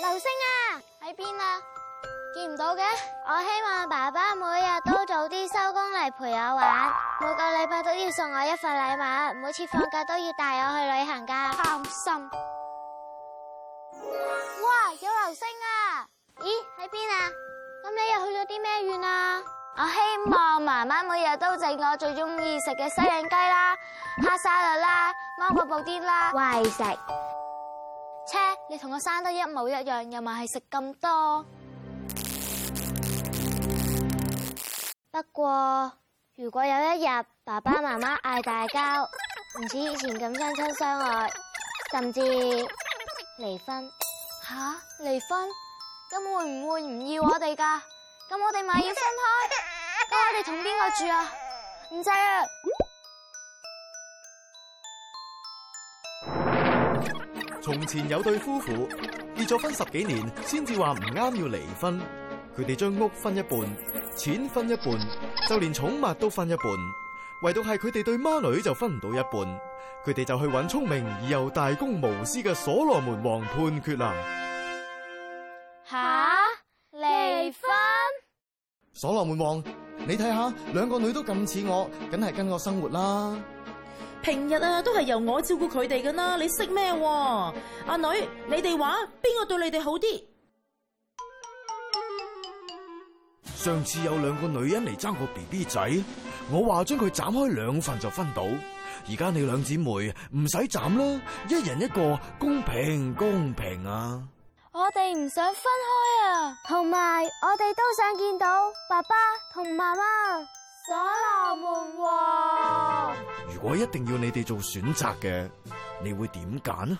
流星啊，喺邊啊？見唔到嘅。我希望爸爸每日都早啲收工嚟陪我玩，每個禮拜都要送我一份禮物，每次放假都要帶我去旅行噶。貪心。哇，有流星啊！咦，喺邊啊？咁你又許咗啲咩願啊？我希望媽媽每日都整我最中意食嘅西冷雞啦、蝦沙律啦、芒果布丁啦。為食。你同我生得一模一樣，又咪係食咁多。不過，如果有一日爸爸媽媽嗌大交，唔似以前咁親親相愛，甚至離婚嚇離婚，咁會唔會唔要我哋㗎？咁我哋咪要分開？咁我哋同邊個住啊？唔制。從前有對夫婦結咗婚十幾年，先至話唔啱要離婚。佢哋將屋分一半，錢分一半，就連寵物都分一半，唯獨係佢哋對孖女就分唔到一半。佢哋就去揾聰明而又大公無私嘅所羅門王判決啦。吓？離婚？所羅門王，你睇下兩個女都咁似我，梗係跟我生活啦。平日啊，都係由我照顧佢哋噶啦，你識咩？阿女，你哋話邊個對你哋好啲？上次有兩個女人嚟爭個 BB 仔，我話將佢斬開兩份就分到。而家你兩姊妹唔使斬啦，一人一個，公平公平啊！我哋唔想分開啊，同埋我哋都想見到爸爸同媽媽。如果一定要你哋做選擇嘅，你會點揀呢？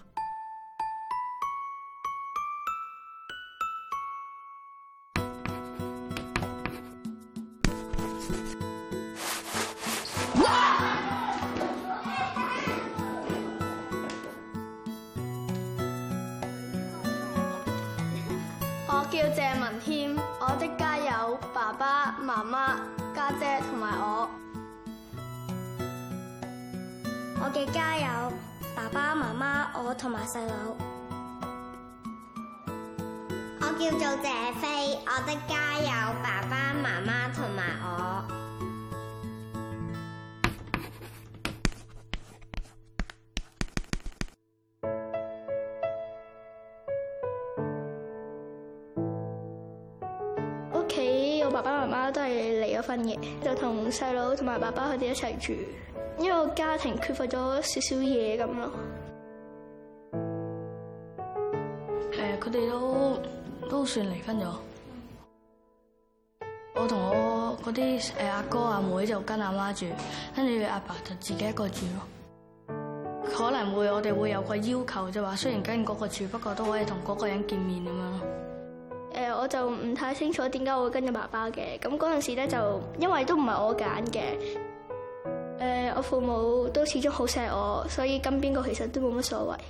我叫謝文謙，我的家有爸爸媽媽。媽媽家姐同埋我，我嘅家有爸爸媽媽，我同埋細佬，我叫做謝飛，我的家有爸爸媽媽。爸爸媽媽都係離咗婚嘅，就同細佬同埋爸爸佢哋一齊住，因為家庭缺乏咗少少嘢咁咯。誒，佢哋都都算離婚咗。我同我嗰啲誒阿哥阿妹，妹就跟阿媽住，跟住阿爸就自己一個住咯。可能會我哋會有個要求就話，雖然跟嗰個住，不過都可以同嗰個人見面咁樣。誒，我就唔太清楚點解我會跟住爸爸嘅，咁嗰陣時咧就，因為都唔係我揀嘅，誒，我父母都始終好錫我，所以跟邊個其實都冇乜所謂。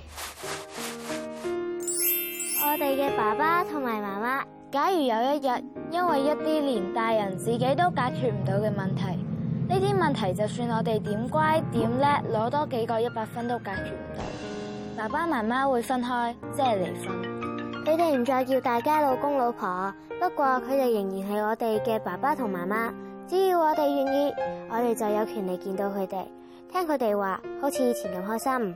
我哋嘅爸爸同埋媽媽，假如有一日因為一啲連大人自己都解決唔到嘅問題，呢啲問題就算我哋點乖點叻，攞多幾個一百分都解決唔到，爸爸媽媽會分開，即係離婚。佢哋唔再叫大家老公老婆，不過佢哋仍然係我哋嘅爸爸同媽媽。只要我哋願意，我哋就有權利見到佢哋，聽佢哋話，好似以前咁開心。